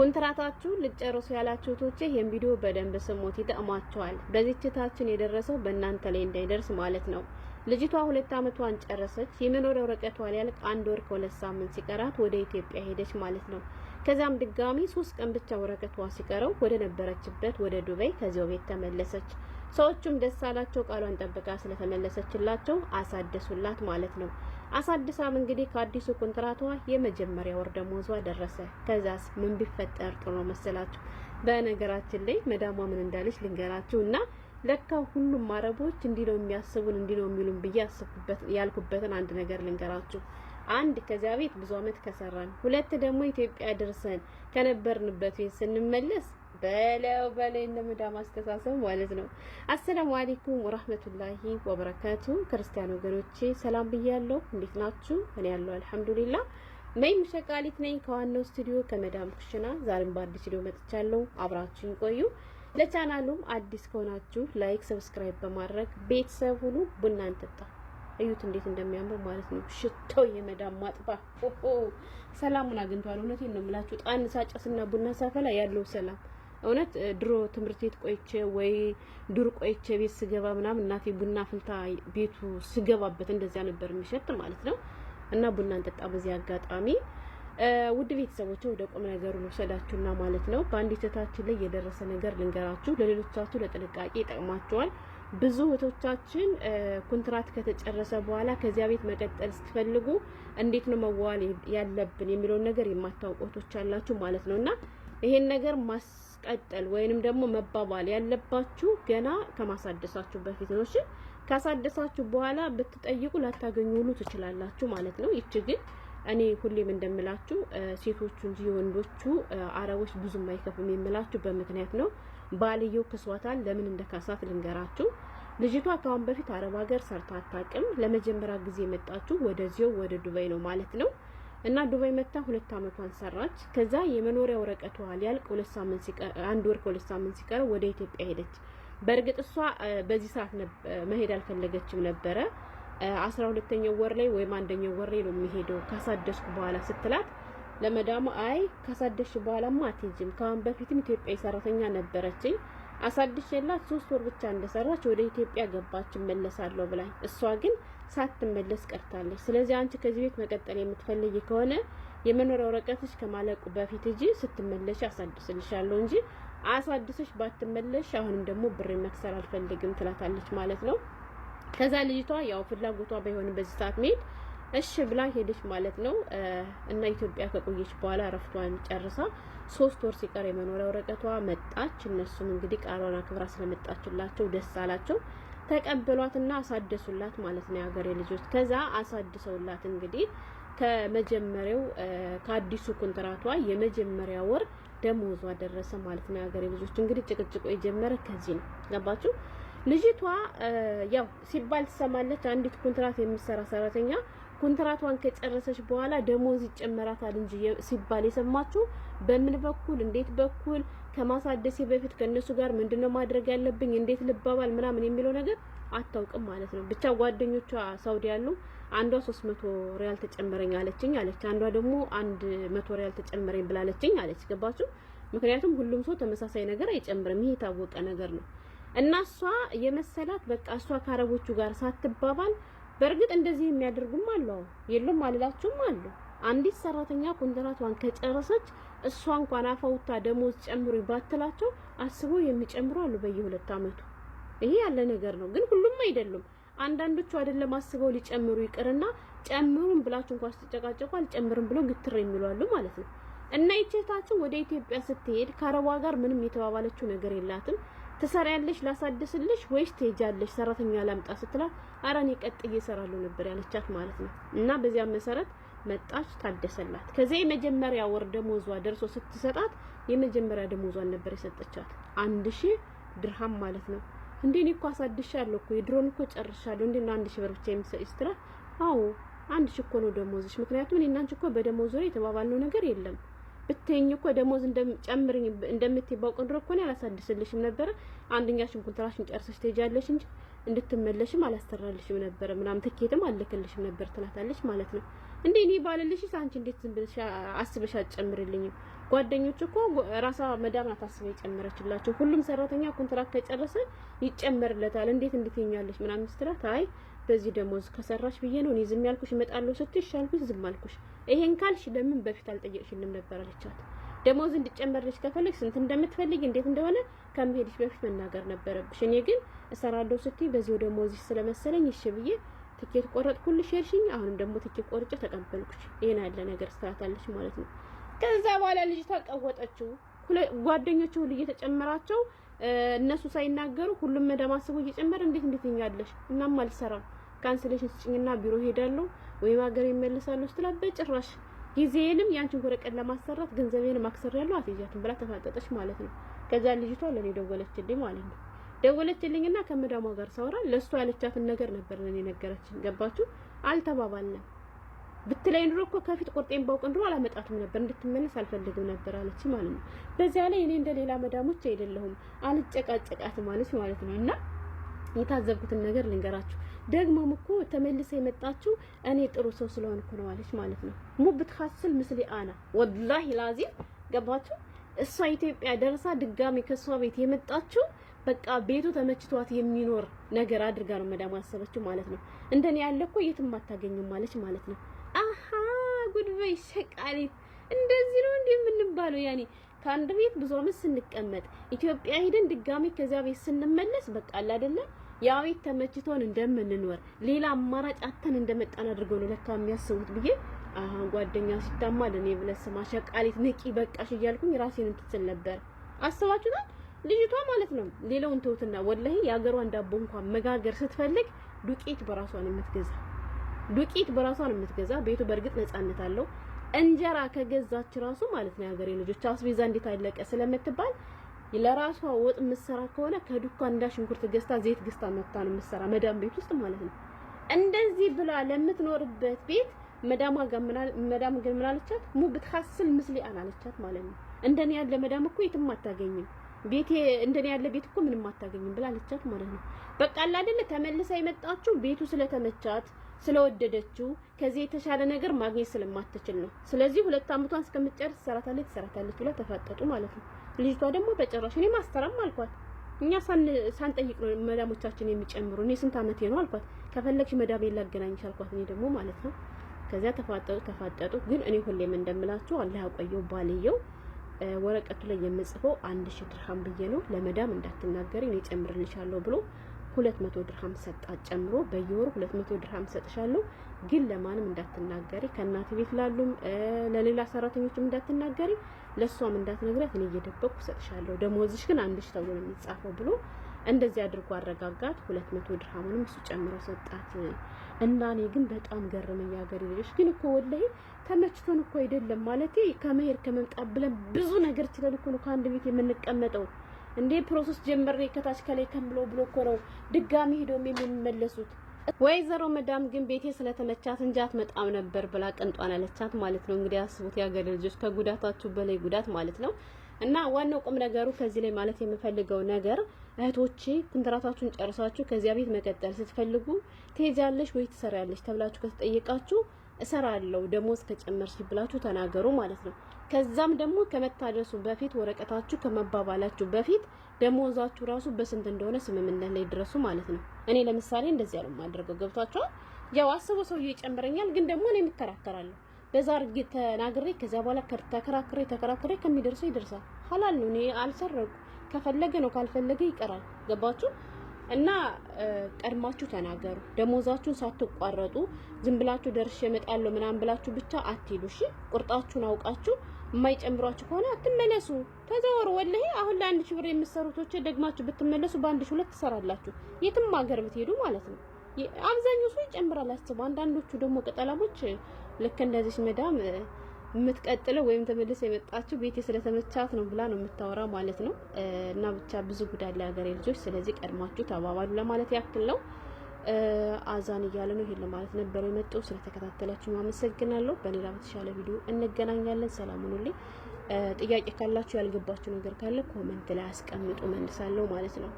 ኮንትራታችሁ ልጨርሱ ያላችሁ ቶቼ ይሄን ቪዲዮ በደንብ ስሙት፣ ይጠቅሟቸዋል። በዚችታችን የደረሰው በእናንተ ላይ እንዳይደርስ ማለት ነው። ልጅቷ ሁለት አመቷን ጨረሰች። የመኖሪያ ወረቀቷ ሊያልቅ አንድ ወር ከሁለት ሳምንት ሲቀራት ወደ ኢትዮጵያ ሄደች ማለት ነው። ከዛም ድጋሚ ሶስት ቀን ብቻ ወረቀቷ ሲቀረው ወደ ነበረችበት ወደ ዱባይ ከዚያው ቤት ተመለሰች። ሰዎቹም ደስ አላቸው፣ ቃሏን ጠብቃ ስለተመለሰችላቸው አሳደሱላት ማለት ነው። አሳድሳም እንግዲህ ከአዲሱ ኮንትራቷ የመጀመሪያ ወር ደሞዟ ደረሰ። ከዛስ ምን ቢፈጠር ጥሩ መሰላችሁ? በነገራችን ላይ መዳሟ ምን እንዳለች ልንገራችሁ እና ለካ ሁሉም አረቦች እንዲህ ነው የሚያስቡን እንዲህ ነው የሚሉን ብዬ አስብኩበት ያልኩበትን አንድ ነገር ልንገራችሁ። አንድ ከዚያ ቤት ብዙ አመት ከሰራን፣ ሁለት ደግሞ ኢትዮጵያ ደርሰን ከነበርንበት ቤት ስንመለስ በለው በለው እንደምዳም አስተሳሰብ ማለት ነው። አሰላሙ አለይኩም ወራህመቱላሂ ወበረካቱ። ክርስቲያን ወገኖቼ ሰላም ብያለሁ። እንዴት ናችሁ? እኔ ያለው አልሐምዱሊላ መይ ምሸቃሊት ነኝ ከዋናው ስቱዲዮ ከመዳም ኩሽና። ዛሬም በአዲስ ስቱዲዮ መጥቻለሁ። አብራችሁን ቆዩ። ለቻናሉም አዲስ ከሆናችሁ ላይክ፣ ሰብስክራይብ በማድረግ ቤተሰብ ሁኑ። ቡና እንጠጣ። እዩት እንዴት እንደሚያምር ማለት ነው። ሽቶ የመዳም ማጥባ ሰላሙን አግኝቷል። እውነቴን ነው የምላችሁ። ጣን ሳጨስና ቡና ሳፈላ ያለው ሰላም እውነት ድሮ ትምህርት ቤት ቆይቼ ወይ ዱር ቆይቼ ቤት ስገባ ምናምን እናቴ ቡና ፍልታ ቤቱ ስገባበት እንደዚያ ነበር የሚሸጥ ማለት ነው። እና ቡና እንጠጣ በዚህ አጋጣሚ ውድ ቤተሰቦች ወደ ቁም ነገሩ ልውሰዳችሁና ማለት ነው በአንድ እህታችን ላይ የደረሰ ነገር ልንገራችሁ። ለሌሎቻችሁ ለጥንቃቄ ይጠቅማችኋል። ብዙ እህቶቻችን ኮንትራት ከተጨረሰ በኋላ ከዚያ ቤት መቀጠል ስትፈልጉ እንዴት ነው መዋል ያለብን የሚለውን ነገር የማታውቁ እህቶች አላችሁ ማለት ነው እና ይሄን ነገር ማስ ማስቀጠል ወይንም ደግሞ መባባል ያለባችሁ ገና ከማሳደሳችሁ በፊት ነው። እሺ ካሳደሳችሁ በኋላ ብትጠይቁ ላታገኙ ሁሉ ትችላላችሁ ማለት ነው። ይቺ ግን እኔ ሁሌም እንደምላችሁ ሴቶቹ እንጂ ወንዶቹ አረቦች ብዙም አይከፉም የምላችሁ በምክንያት ነው። ባልየው ክሷታል። ለምን እንደካሳት ልንገራችሁ። ልጅቷ ከአሁን በፊት አረብ ሀገር ሰርታ አታውቅም። ለመጀመሪያ ጊዜ የመጣችሁ ወደዚው ወደ ዱባይ ነው ማለት ነው። እና ዱባይ መታ ሁለት አመቷን ሰራች። ከዛ የመኖሪያ ወረቀቷ ሊያልቅ ሁለት ሳምንት ሲቀር አንድ ወር ከሁለት ሳምንት ሲቀር ወደ ኢትዮጵያ ሄደች። በእርግጥ እሷ በዚህ ሰዓት መሄድ አልፈለገችም ነበረ። አስራ ሁለተኛው ወር ላይ ወይም አንደኛው ወር ላይ ነው የሚሄደው ካሳደስኩ በኋላ ስትላት ለመዳሙ አይ ካሳደስሽ በኋላማ አትሄጂም፣ ከአሁን በፊትም ኢትዮጵያ ሰራተኛ ነበረችኝ አሳድሼላት ሶስት ወር ብቻ እንደሰራች ወደ ኢትዮጵያ ገባች እመለሳለሁ ብላኝ፣ እሷ ግን ሳትመለስ ቀርታለች። ስለዚህ አንቺ ከዚህ ቤት መቀጠል የምትፈልጊ ከሆነ የመኖሪያ ወረቀትሽ ከማለቁ በፊት እጂ ስትመለሽ አሳድስልሻለሁ እንጂ አሳድሰሽ ባትመለሽ አሁንም ደግሞ ብር መክሰር አልፈልግም ትላታለች ማለት ነው። ከዛ ልጅቷ ያው ፍላጎቷ ባይሆንም በዚህ ሰዓት መሄድ እሺ ብላ ሄደች ማለት ነው። እና ኢትዮጵያ ከቆየች በኋላ እረፍቷን ጨርሳ ሶስት ወር ሲቀር የመኖሪያ ወረቀቷ መጣች። እነሱም እንግዲህ ቃሏን አክብራ ስለመጣችላቸው ደስ አላቸው። ተቀበሏትና አሳደሱላት ማለት ነው የሀገሬ ልጆች። ከዛ አሳድሰውላት እንግዲህ ከመጀመሪያው ከአዲሱ ኮንትራቷ የመጀመሪያ ወር ደሞዟ ደረሰ ማለት ነው የሀገሬ ልጆች። እንግዲህ ጭቅጭቆ የጀመረ ከዚህ ነው። ገባችሁ? ልጅቷ ያው ሲባል ትሰማለች። አንዲት ኮንትራት የምትሰራ ሰራተኛ ኮንትራቷን ከጨረሰች በኋላ ደሞዝ ይጨመራታል እንጂ ሲባል የሰማችሁ በምን በኩል እንዴት በኩል ከማሳደሴ በፊት ከእነሱ ጋር ምንድነው ማድረግ ያለብኝ እንዴት ልባባል ምናምን የሚለው ነገር አታውቅም ማለት ነው። ብቻ ጓደኞቿ ሳውዲ ያሉ አንዷ ሶስት መቶ ሪያል ተጨመረኝ አለችኝ አለች። አንዷ ደግሞ አንድ መቶ ሪያል ተጨመረኝ ብላለችኝ አለች። ገባችሁ? ምክንያቱም ሁሉም ሰው ተመሳሳይ ነገር አይጨምርም። ይሄ የታወቀ ነገር ነው። እና እሷ የመሰላት በቃ እሷ ከአረቦቹ ጋር ሳትባባል በእርግጥ እንደዚህ የሚያደርጉም አሉ። የሉም አልላችሁም አለ አንዲት ሰራተኛ ኮንትራቷን ከጨረሰች እሷ እንኳን አፋውታ ደሞዝ ጨምሩ ባትላቸው አስቦ የሚጨምሩ አሉ በየሁለት ዓመቱ። ይሄ ያለ ነገር ነው፣ ግን ሁሉም አይደሉም። አንዳንዶቹ አይደለም አስበው ሊጨምሩ ይቅርና ጨምሩን ብላችሁ እንኳን ስትጨቃጨቁ አልጨምርም ብሎ ግትር የሚሉ አሉ ማለት ነው። እና ይችታችሁ ወደ ኢትዮጵያ ስትሄድ ከአረቧ ጋር ምንም የተባባለችው ነገር የላትም። ትሰሪያለሽ ላሳድስልሽ ወይስ ትሄጃለሽ ሰራተኛ ላምጣ ስትላት ኧረ እኔ ቀጥዬ እሰራለሁ ነበር ያለቻት ማለት ነው። እና በዚያ መሰረት መጣች ታደሰላት። ከዚያ የመጀመሪያ ወር ደሞዟ ደርሶ ስትሰጣት የመጀመሪያ ደሞዟን ነበር የሰጠቻት አንድ ሺህ ድርሃም ማለት ነው። እንዴ እኔ እኮ አሳድሻለሁ እኮ የድሮን እኮ ጨርሻለሁ፣ እንዴ ነው አንድ ሺህ ብር ብቻ የምሰጥ ስትላት አዎ አንድ ሺህ እኮ ነው ደሞዝሽ፣ ምክንያቱም እኔ እና አንቺ እኮ በደሞዝ ዙሪያ የተባባልነው ነገር የለም ብትኝ እኮ ደሞዝ እንደምጨምርኝ እንደምትይ ባውቅ እኮ ነው አላሳድስልሽም ነበረ። አንደኛሽን ኮንትራሽን ጨርሰሽ ትሄጃለሽ እንጂ እንድትመለሽም አላሰራልሽም ነበረ፣ ምናምን ትኬትም አልልክልሽም ነበር ትላታለች ማለት ነው። እንዴ እኔ ባልልሽስ አንቺ እንዴት ዝም ብለሽ አስበሽ አትጨምርልኝም? ጓደኞች እኮ ራሳ መዳም ናት አስበ የጨመረችላቸው። ሁሉም ሰራተኛ ኮንትራክት ከጨረሰ ይጨመርለታል። እንዴት እንድትኛለሽ ምናምን ስትላት አይ በዚህ ደሞዝ ከሰራሽ ብዬ ነው እኔ ዝም ያልኩሽ። እመጣለሁ ስትይ እሺ አልኩሽ፣ ዝም አልኩሽ። ይሄን ካልሽ ለምን በፊት አልጠየቅሽንም ነበር አለቻት። ደሞዝ እንድጨመርልሽ ከፈለግሽ ስንት እንደምትፈልግ እንዴት እንደሆነ ከመሄድሽ በፊት መናገር ነበረብሽ። እኔ ግን እሰራለሁ ስትይ በዚሁ ደሞዝ ስለመሰለኝ እሺ ብዬ ትኬት ቆረጥኩልሽ ሄድሽኝ። አሁንም ደግሞ ትኬት ቆርጬ ተቀበልኩሽ። ይሄን ያለ ነገር ስራታለች ማለት ነው። ከዛ በኋላ ልጅቷ ቀወጠችው። ጓደኞቹ ሁሉ እየተጨመራቸው እነሱ ሳይናገሩ ሁሉም መደማስቡ እየጨመረ እንዴት እንዴት እኛለሽ እናም አልሰራም ካንስሌሽን ስጭኝና ቢሮ ሄዳለሁ ወይም ሀገር ይመለሳለሁ ስትላት በጭራሽ ጊዜንም ያንቺን ወረቀት ለማሰራት ገንዘቤንም አክሰሪያለሁ አትይዣትም ብላ ተፋጠጠች ማለት ነው። ከዛ ልጅቷ ለኔ ደወለችልኝ ማለት ነው። ደወለችልኝና ከመዳሟ ጋር ሳወራ ለእሱ ያለቻትን ነገር ነበር ለኔ ነገረችን። ገባችሁ? አልተባባልንም። ብትለይ ኑሮ እኮ ከፊት ቁርጤን ባውቅ ኑሮ አላመጣትም ነበር፣ እንድትመለስ አልፈልግም ነበር አለች ማለት ነው። በዚያ ላይ እኔ እንደ ሌላ መዳሞች አይደለሁም፣ አልጨቃጨቃትም አለች ማለት ነው። እና የታዘብኩትን ነገር ልንገራችሁ ደግሞም እኮ ተመልሰ የመጣችው እኔ ጥሩ ሰው ስለሆንኩ ነው አለች ማለት ነው። ሙ ብትካስል ምስሊ አና ወላሂ ላዚም ገባችሁ። እሷ ኢትዮጵያ ደርሳ ድጋሚ ከእሷ ቤት የመጣችው በቃ ቤቱ ተመችቷት የሚኖር ነገር አድርጋ ነው መዳም አሰበችው ማለት ነው። እንደኔ ያለ እኮ የትም አታገኝም አለች ማለት ነው። አሀ ጉድበይ ሸቃሊት እንደዚህ ነው እንዲህ የምንባለው ያኔ ከአንድ ቤት ብዙ አመት ስንቀመጥ ኢትዮጵያ ሄደን ድጋሚ ከዚያ ቤት ስንመለስ በቃ አለ አይደለም ያ ቤት ተመችቶን እንደምንኖር ሌላ አማራጭ አተን እንደመጣን አድርገው ነው ለካ የሚያስቡት ብዬ አሁን ጓደኛ ሲታማ ለኔ ብለህ ስማ ሸቃሊት ንቂ በቃሽ እያልኩኝ ራሴን እንትስል ነበር። አስባችሁታል? ልጅቷ ማለት ነው። ሌላውን ተውትና ወላሂ የሀገሯን ዳቦ እንኳን መጋገር ስትፈልግ ዱቄት በራሷ የምትገዛ። ዱቄት በራሷ የምትገዛ። ቤቱ በእርግጥ ነጻነት አለው። እንጀራ ከገዛች ራሱ ማለት ነው የሀገሬ ልጆች አስቤዛ እንዴት አለቀ ስለምትባል ለራሷ ወጥ የምትሰራ ከሆነ ከዱኳን እንዳ ሽንኩርት ገዝታ ዘይት ገዝታ መጥታ ነው የምትሰራ መዳም ቤት ውስጥ ማለት ነው። እንደዚህ ብላ ለምትኖርበት ቤት መዳማ መዳም ግን ምን አለቻት? ሙ ብትሐስል ምስሊ አላለቻት ማለት ነው። እንደኔ ያለ መዳም እኮ የትም አታገኝም ቤቴ እንደኔ ያለ ቤት እኮ ምንም አታገኝም ብላ አለቻት ማለት ነው። በቃ አለ አይደለ ተመልሳ የመጣችው ቤቱ ስለተመቻት ስለወደደችው ከዚህ የተሻለ ነገር ማግኘት ስለማትችል ነው። ስለዚህ ሁለት አመቷን እስከምትጨርስ ትሰራታለች ትሰራታለች ብላ ተፋጠጡ ማለት ነው። ልጅቷ ደግሞ በጭራሽ እኔ ማስተራም አልኳት። እኛ ሳንጠይቅ ነው መዳሞቻችን የሚጨምሩ። እኔ ስንት አመት ነው አልኳት። ከፈለግሽ መዳም ላገናኝሽ አልኳት። እኔ ደግሞ ማለት ነው። ከዚያ ተፋጠጡ ተፋጠጡ። ግን እኔ ሁሌም እንደምላችሁ አላህ ያቆየው ባልየው ወረቀቱ ላይ የምጽፈው አንድ ሺህ ድርሃም ብዬ ነው ለመዳም እንዳትናገሪ እኔ ጨምርልሻለሁ ብሎ ሁለት መቶ ድርሃም ሰጣት ጨምሮ በየወሩ ሁለት መቶ ድርሃም ሰጥሻለሁ፣ ግን ለማንም እንዳትናገሪ ከእናት ቤት ላሉም ለሌላ ሰራተኞችም እንዳትናገሪ ለእሷም እንዳትነግሪያት እኔ እየደበቅኩ እሰጥሻለሁ፣ ደሞዝሽ ግን አንድ ሺህ ተብሎ ነው የሚጻፈው ብሎ እንደዚህ አድርጎ አረጋጋት። ሁለት መቶ ድርሃሙንም እሱ ጨምሮ ሰጣት እና እኔ ግን በጣም ገረመኝ። ሀገር ልጆች ግን እኮ ወላሂ ተመችቶን እኮ አይደለም ማለት ከመሄድ ከመምጣት ብለን ብዙ ነገር ችለን እኮ ነው ከአንድ ቤት የምንቀመጠው። እንዴ ፕሮሰስ ጀመሬ ከታች ከላይ ከምለው ብሎ ብሎ እኮ ነው ድጋሚ ሄደውም የሚመለሱት። ወይዘሮ መዳም ግን ቤቴ ስለተመቻት እንጂ አትመጣም ነበር ብላ ቅንጧን አለቻት ማለት ነው። እንግዲህ አስቡት የአገሬ ልጆች ከጉዳታችሁ በላይ ጉዳት ማለት ነው። እና ዋናው ቁም ነገሩ ከዚህ ላይ ማለት የምፈልገው ነገር እህቶቼ ኮንትራታችሁን ጨርሳችሁ ከዚያ ቤት መቀጠል ስትፈልጉ ትሄጃለሽ ወይ ትሰሪያለሽ ተብላችሁ ከተጠየቃችሁ እሰራለሁ ደሞዝ ከጨመርሽ ብላችሁ ተናገሩ ማለት ነው። ከዛም ደግሞ ከመታደሱ በፊት ወረቀታችሁ ከመባባላችሁ በፊት ደሞዛችሁ ራሱ በስንት እንደሆነ ስምምነት ላይ ድረሱ ማለት ነው። እኔ ለምሳሌ እንደዚያ ነው የማደርገው። ገብቷቸዋል። ያው አስቦ ሰውዬ ይጨምረኛል፣ ግን ደግሞ እኔም እከራከራለሁ። በዛ አድርጌ ተናግሬ ከዚያ በኋላ ተከራክሬ ተከራክሬ ከሚደርሰው ይደርሳል። ሀላል ነው። እኔ አልሰረቁ ከፈለገ ነው ካልፈለገ ይቀራል። ገባችሁ? እና ቀድማችሁ ተናገሩ። ደሞዛችሁን ሳትቋረጡ ዝም ብላችሁ ደርሼ እመጣለሁ ምናምን ብላችሁ ብቻ አትሄዱ። እሺ ቁርጣችሁን አውቃችሁ የማይጨምሯችሁ ከሆነ አትመለሱ፣ ተዘወሩ። ወላሂ አሁን ለአንድ ሺህ ብር ደግማችሁ ብትመለሱ በአንድ ሺህ ሁለት ትሰራላችሁ፣ የትም ሀገር ብትሄዱ ማለት ነው። አብዛኛው ሰው ይጨምራል አስቡ። አንዳንዶቹ ደግሞ ቅጠላሞች ልክ እንደዚህ መዳም የምትቀጥለው ወይም ተመልሰ የመጣችው ቤቴ ስለተመቻት ነው ብላ ነው የምታወራ ማለት ነው። እና ብቻ ብዙ ጉዳይ ለሀገሬ ልጆች። ስለዚህ ቀድማችሁ ተባባሉ ለማለት ያክል ነው። አዛን እያለ ነው። ይሄን ለማለት ነበር የመጣው። ስለተከታተላችሁ አመሰግናለሁ። በሌላ በተሻለ ቪዲዮ እንገናኛለን። ሰላም ሁኑልኝ። ጥያቄ ካላችሁ ያልገባችሁ ነገር ካለ ኮመንት ላይ አስቀምጡ፣ መልሳለሁ ማለት ነው።